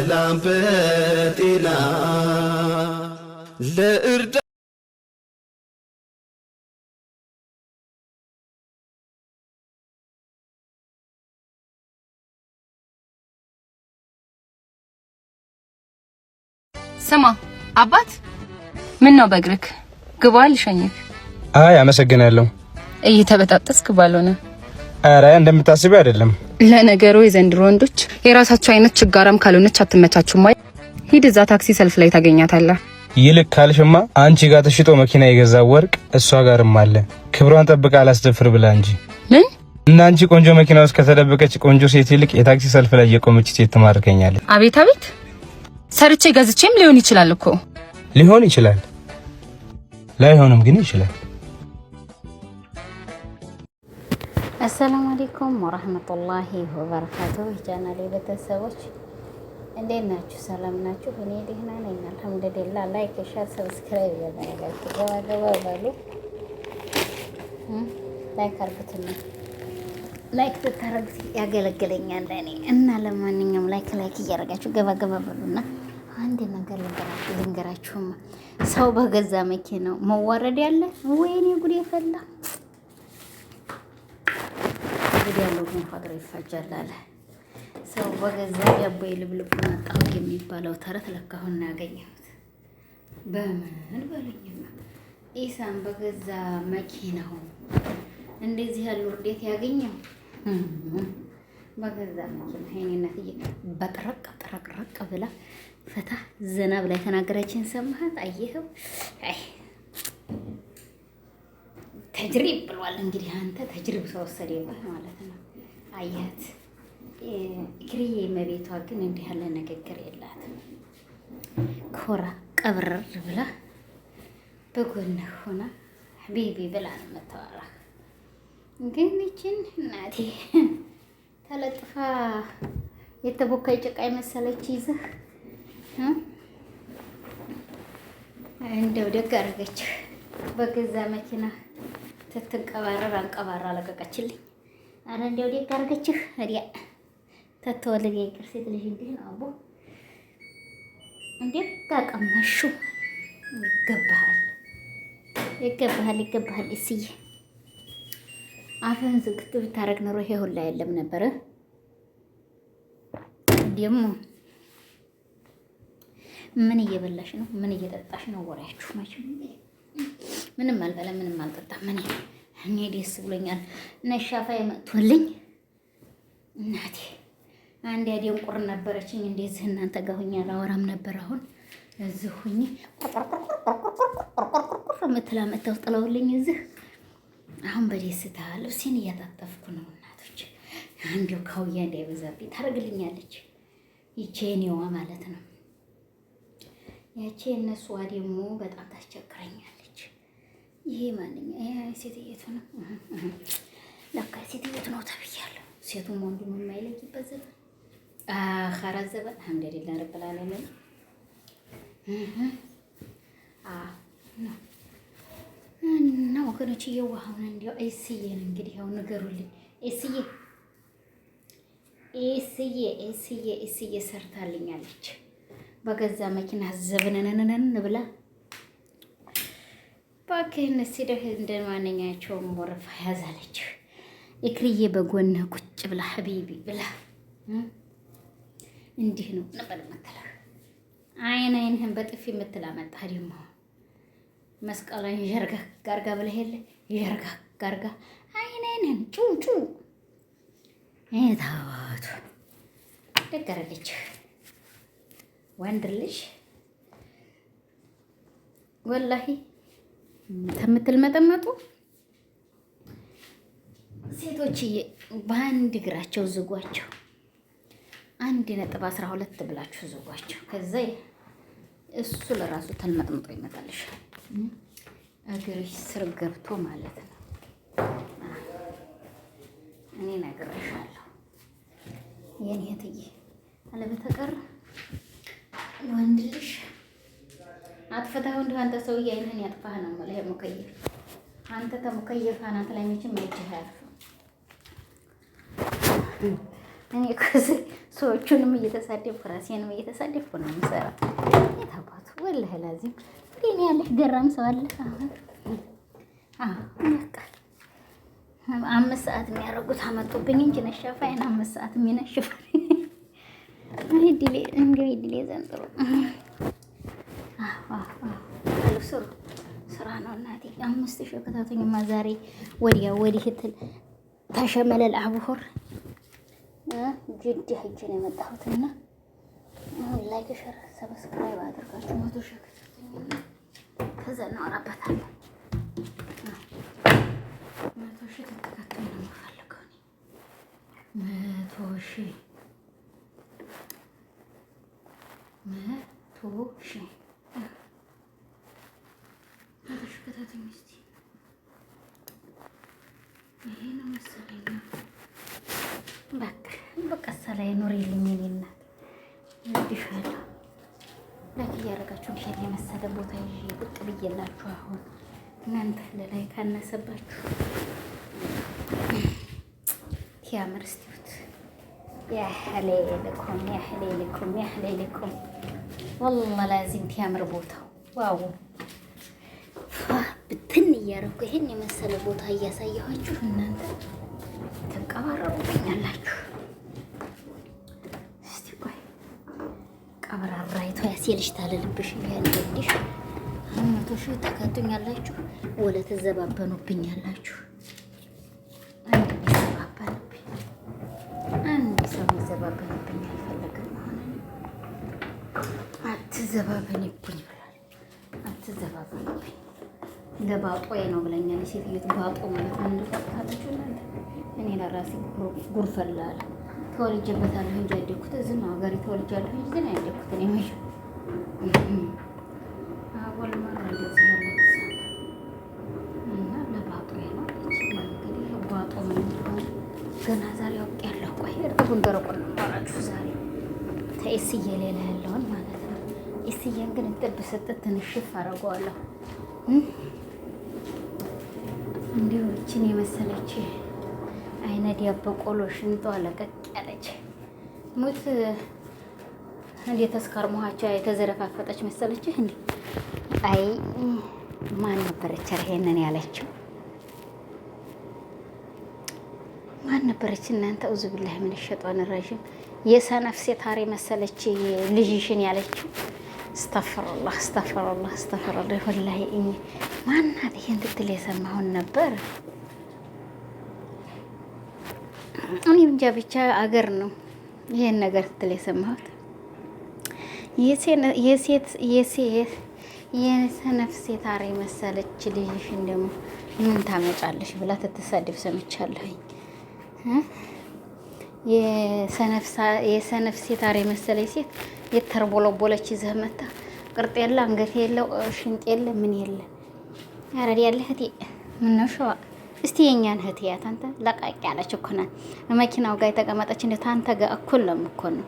በሰላም በጤና ለእርዳ ስማ አባት፣ ምን ነው በእግርክ? ግባ ልሸኝክ። አይ አመሰግናለሁ። እየተበጣጠስክ ባልሆነ። ኧረ እንደምታስቢው አይደለም። ለነገሩ የዘንድሮ ወንዶች የራሳቸው አይነት ችጋራም ካልሆነች አትመቻችሁም። አይ ሂድ እዛ ታክሲ ሰልፍ ላይ ታገኛታለህ። ይልቅ ካልሽማ አንቺ ጋር ተሽጦ መኪና የገዛ ወርቅ እሷ ጋርም አለ። ክብሯን ጠብቃ አላስደፍር ብላ እንጂ ምን እና አንቺ ቆንጆ መኪና ውስጥ ከተደበቀች ቆንጆ ሴት ይልቅ የታክሲ ሰልፍ ላይ የቆመች ሴት ትማርከኛለች። አቤት አቤት! ሰርቼ ገዝቼም ሊሆን ይችላል እኮ ሊሆን ይችላል፣ ላይሆንም ግን ይችላል። አሰላሙ አሌይኩም ወረህመቱላሂ ወበረካቱ ቻናሌ ቤተሰቦች እንዴት ናችሁ? ሰላም ናችሁ? እኔ ደህና ነኝ አልሐምዱሊላህ። ላይክ፣ ሼር፣ ሰብስክራይብ እያደረጋችሁ ገባ ገባ በሉ። ላይክ አድርጉትና ላይክ ብታረጉት ያገለግለኛል እኔ እና ለማንኛውም ላይክ ላይክ እያደረጋችሁ ገባ ገባ በሉና አንድ ነገር ልንገራችሁማ ሰው በገዛ መኪናው መዋረድ ያለ ወይኔ ጉድ የፈላ ሆድ ያለው ሆድሮ ይፋጃል አለ ሰው በገዛ ያባይ የልብልቡን አጣሁት የሚባለው ተረት ለካሁን አሁን ያገኘሁት። በምን በሉኝማ ኢሳም በገዛ መኪናው እንደዚህ ያሉ እርዴት ያገኘው በገዛ መኪና የእኔ እናትዬ በጥረቅ ጥረቅረቅ ብላ ፈታ ዘና ብላ የተናገረችን ሰማሃት? አየኸው ተጅሪብ ብሏል። እንግዲህ አንተ ተጅሪብ ተወሰደ ማለት ነው። አያት ክሪዬ መቤቷ ግን እንዲህ ያለ ንግግር የላትም። ኮራ ቀብረር ብላ በጎንህ ሆና ቢቢ ብላ ነው የምታወራ። ግን ይችን እናቴ ተለጥፋ የተቦካይ ጭቃ የመሰለች ይዘህ እንደው ደግ አደረገች በገዛ መኪና ትትንቀባረር አንቀባራ አለቀቀችልኝ። አረ እንዲያው ደግ አርገችህ እዲያ ተተወለድ የቅር ሴት ልጅ እንዲህ ነው አቦ እንዴ ጋቀመሹ ይገባሃል፣ ይገባሃል፣ ይገባሃል። እስዬ አፍህን ዝግት ብታረግ ኖሮ ይሄ ሁላ የለም ነበረ። ደግሞ ምን እየበላሽ ነው? ምን እየጠጣሽ ነው? ወሬያችሁ መቼም ምንም አልበለ ምንም አልጠጣም። ምን እኔ ደስ ብሎኛል። ነሻፋ የመጥቶልኝ እናቴ አንድ ቁር ነበረችኝ። እንደዚህ እናንተ ጋር ሁኜ አላወራም ነበር። አሁን እዚህ ሁኜ ቁርቁርቁርቁርቁርቁርቁርቁር የምትላ መተው ጥለውልኝ እዚህ አሁን በደስታ ልብሴን እያጣጠፍኩ ነው። እናቶች አንዴው ካውያ እንዳይበዛብኝ ታደርግልኛለች። ይቼ ማለት ነው። ያቼ እነሱዋ ደግሞ በጣም ታስቸግረኛል። ይሄ ማንኛ ሴትየቱ ነው ለካ ሴትየቱ ነው ተብያለሁ። ሴቱም ወንዱም የማይለይበት ዘበን አኸራ ዘበን አልሐምዱሊላህ ረብል ዓለሚን እና ወገኖች እየዋሃውን እንዲያው ነው እንግዲህ ያው ንገሩልኝ። ኤስዬ ኤስዬ ኤስዬ ኤስዬ ሰርታልኛለች በገዛ መኪና ዘብንንንን ብላ ባክህን ሲደህ እንደ ማንኛቸውም ወረፋ ያዛለች የክርዬ በጎነ ቁጭ ብላ ሀቢቢ ብላ እንዲህ ነው ነበር መተለህ አይን አይንህን በጥፊ የምትል አመጣህ። ደግሞ መስቀሏን ይርጋ ጋርጋ ብለህ የለ ይርጋ ጋርጋ አይን አይንህን ጩ ጩ ታባቱ ደገረለች ወንድ ልጅ ወላሂ ከምትል መጠመጡ ሴቶችዬ በአንድ እግራቸው ዝጓቸው አንድ ነጥብ አስራ ሁለት ብላችሁ ዝጓቸው። ከዛ እሱ ለራሱ ተልመጥምጦ ይመጣልሽ እግርሽ ስር ገብቶ ማለት ነው። እኔ እነግርሻለሁ የኔ እህትዬ፣ አለበተቀር ወንድልሽ አጥፍተኸው እንዲሁ አንተ ሰውዬ አይንህን ያጥፋህ ነው የምልህ። ሙከየፍ አንተ ተሙከየፍ አናት ላይ መቼም አይቼህ አያልፍም። እኔ እኮ ሰዎቹንም እየተሳደብኩ ራሴንም እየተሳደብኩ ነው የምሰራው። የታባቱ ወላሂ ላዚም ግን ያለህ ገራም ሰው አለ። አምስት ሰዓት የሚያደርጉት አመጡብኝ እንጂ ነሻፋይን አምስት ሰዓት የሚነሽፋል እንግዲህ ዲሌ ዘንጥሮ ስሩ ስራ ነው እናቴ። አምስት ሺ ከታተኝማ ዛሬ ወዲያ ወዲህ ስትል ተሸመለል አብሁር ጅዳ ሂጅ የመጣሁትና ላይክ ሸር ሰብስክራይብ አድርጋችሁ መቶ ሺ ከታተኝና ከዛ እናወራበታለን። መቶ ሺ ተከታታይ ነው የምፈልገው መቶ ሺ መቶ ሺ አላትም እስቲ ይሄ ነው መሰለኝ። በቃ በቃ ሰላይ ኑሪልኝ የእኔ እናት እወድሻለሁ። ላይክ እያደረጋችሁ ይሄን የመሰለ ቦታ ይዤ ቁጭ ብዬላችሁ አሁን እናንተ ለላይ ካነሰባችሁ ያምር እስቲውት ያህሌልኩም ያህሌልኩም ያህሌልኩም ወላሂ ላዚም ያምር ቦታው ዋው እያረኩ ይሄን የመሰለ ቦታ እያሳየኋችሁ እናንተ ትንቀባረሩብኛላችሁ። እስቲ ቆይ ቀብራራይቶ ያሴልሽ ታለልብሽ ያንደሽ አመቶ ሺ ተካቱኛላችሁ፣ ወለ ተዘባበኑብኛላችሁ። አንድ ሚዘባበንብኝ አንድ አትዘባበንብኝ ለባጦ ነው ብለኛል። ሴትዮት ባጦ ማለት ምን እንደፈታለች እናንተ። እኔ ለራሴ ጉርፈላል ተወልጄበታለሁ እንጂ ያደግኩት እዚህ ነው። ሀገሬ ተወልጃለሁ እንጂ እዚህ ያደግኩት። እኔ መቼ አጎልማር እንደዚህ ያለ እና ለባጦ ነው እንግዲህ። ባጦ ምን እንደሆነ ገና ዛሬ አውቄያለሁ። ቆይ እርጥቡን ደረቁን ማራችሁ ዛሬ ተእስዬ ሌላ ያለውን ማለት ነው። እስዬን ግን ጥብስጥት ትንሽፍ አደርገዋለሁ። እንዲሁ ይችን የመሰለች አይነት ያበቆሎ ሽንጧ ለቀቅ ያለች ሙት እንዴ ተስካርሞሃቸው የተዘረፋፈጠች መሰለች እንዴ። አይ ማን ነበረች ይሄንን ያለችው ማን ነበረች እናንተ? እዙ ብላህ ምን ረዥም የሰነፍ ሴታሪ መሰለች ልጅሽን ያለችው አስተፍርላህ አስተፍርላህ አስተፍርላህ። ወላሂ እኔ ማናት ይሄን ትትል የሰማሁን ነበር። እኔ እንጃ ብቻ አገር ነው ይሄን ነገር ትትል የሰማሁት። የሴት የሴት የሰነፍሴ ታሪ መሰለች ልጅሽን ደግሞ ምን ታመጫለሽ ብላ ትትሳደብ ሰምቻለሁኝ። የሰነፍሴ ታሪ መሰለች ሴት የተርቦለቦለች ይዘህ መታ ቅርጥ የለ አንገት የለው ሽንጥ የለ ምን የለ ያረድ ያለ እህቴ ምነው ሸዋ እስቲ የእኛን እህት ያት አንተ ለቃቅ ያለች እኮ ናት። መኪናው ጋር የተቀመጠች እንደት አንተ ጋር እኩል ነው እኮ ነው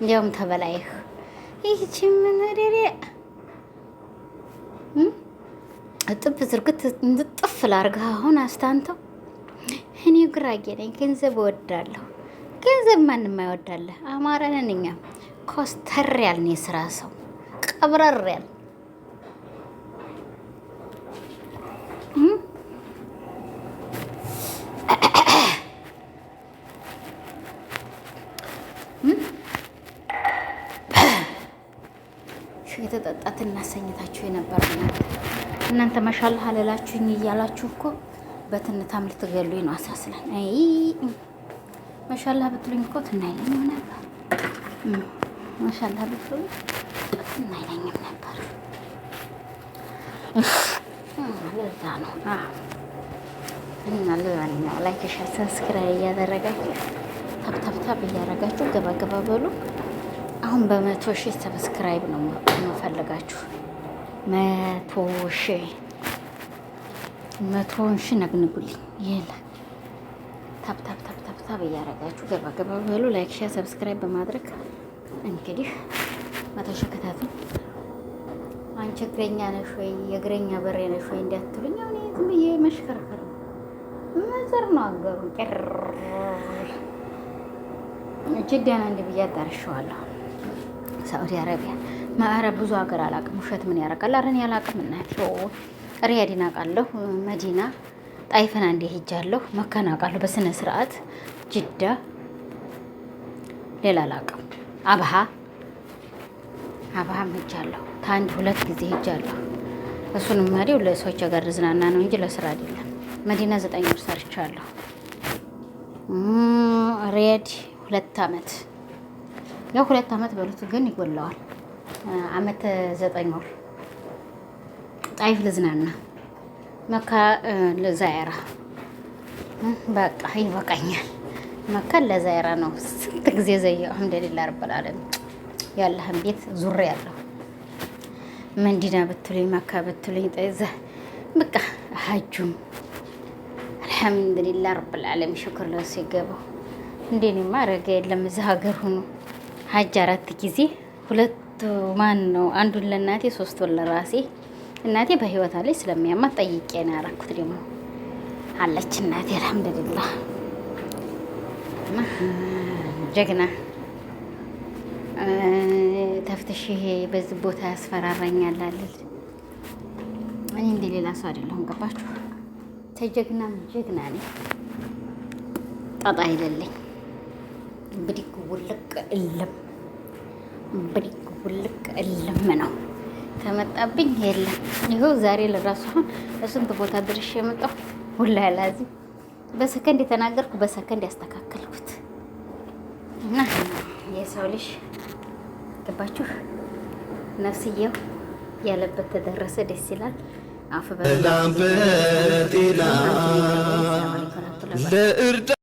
እንዲያውም ተበላይህ ይህቺ ምን ደሬ እጥፍ ዝርግት እንድጥፍ ላርግህ አሁን አስታንተው እኔ ጉራጌ ነኝ ገንዘብ እወዳለሁ ገንዘብ ማንም አይወዳለህ አማራንን እኛም ኮስተር ነው የስራ ሰው ቀብረር ያል የተጠጣ ትናሰኝታችሁ የነበር እናንተ መሻላህ አለላችሁኝ እያላችሁ እኮ በትንታም ልትገሉኝ ነው። አሳስለን አይ መሻላህ ብትሉኝ እኮ ትናይለኝ ነበር። ማሻላ ብሎ ጥፍም አይለኝም ነበር። ለዛ ነው እና ለዛኛው ላይክ፣ ሼር፣ ሰብስክራይብ እያደረጋችሁ ታብታብታብ እያደረጋችሁ ገባ ገባ በሉ። አሁን በመቶ ሺህ ሰብስክራይብ ነው የምፈልጋችሁ። መቶ ሺህ መቶውን ሺህ ነግንጉልኝ ይላል። ታብታብታብታብታብ እያደረጋችሁ ገባ ገባ በሉ። ላይክ፣ ሼር፣ ሰብስክራይብ በማድረግ እንግዲህ መተሸከታትም አንቺ እግረኛ ነሽ ወይ የእግረኛ በሬ ነሽ ወይ እንዳትሉኝ፣ አሁን ዝም ብዬ መሽከርከር መዘር ነው አገሩ ቅር ጅዳን አንድ ብዬ አጣርሸዋለሁ። ሳዑዲ አረቢያ ማረ ብዙ ሀገር አላውቅም። ውሸት ምን ያረቃል? አረን ያላውቅም። እናቸው ሪያድን አውቃለሁ፣ መዲና ጣይፈን አንዴ ሄጃለሁ፣ መካን አውቃለሁ በስነ ስርዓት ጅዳ ሌላ አላውቅም። አብሃ አብሃም ሄጃለሁ። ከአንድ ሁለት ጊዜ ሄጃለሁ። እሱንም መሪው ለሰዎች ጋር ዝናና ነው እንጂ ለስራ አይደለም። መዲና ዘጠኝ ወር ሰርቻለሁ። ሬድ ሁለት አመት ያው ሁለት አመት በሉት ግን ይጎላዋል። አመት ዘጠኝ ወር ጣይፍ ልዝናና መካ ለዛይራ በቃ ይበቃኛል። መካ ለዛይራ ነው ስንት ጊዜ ዘየ አልሐምዱሊላህ ረብል ዓለሚን ያለህን ቤት ዙር ያለው መንዲና ብትሉኝ ማካ ብትሉኝ ጠይዘ በቃ ሀጁም አልሐምዱሊላህ ረብል ዓለሚን ሽክር ለሱ ይገባው። እንደኔማ ማረገ የለም እዚህ ሀገር ሆኖ ሀጅ አራት ጊዜ ሁለቱ ማን ነው አንዱን ለእናቴ ሶስቱን ለራሴ እናቴ በህይወት አለች ስለሚያማት ጠይቄ ነው ያደረኩት። ደግሞ አለች እናቴ አልሐምዱሊላህ ጀግና ተፍትሽ ይሄ በዚህ ቦታ ያስፈራራኛል አለል። እኔ እንደ ሌላ ሰው አይደለሁም። ገባችሁ? ተጀግናም ጀግና ነኝ። ጣጣ አይደለኝ። ብድግ ውልቅ እልም፣ ብድግ ውልቅ እልም ነው ከመጣብኝ የለም። ይኸው ዛሬ ለራሱ አሁን እሱን ቦታ ድርሽ የመጣው ሁላ ላዚ በሰከንድ የተናገርኩ በሰከንድ ያስተካከልኩት እና የሰው ልጅ ገባችሁ ነፍስየው ያለበት ተደረሰ ደስ ይላል። አፍ በላ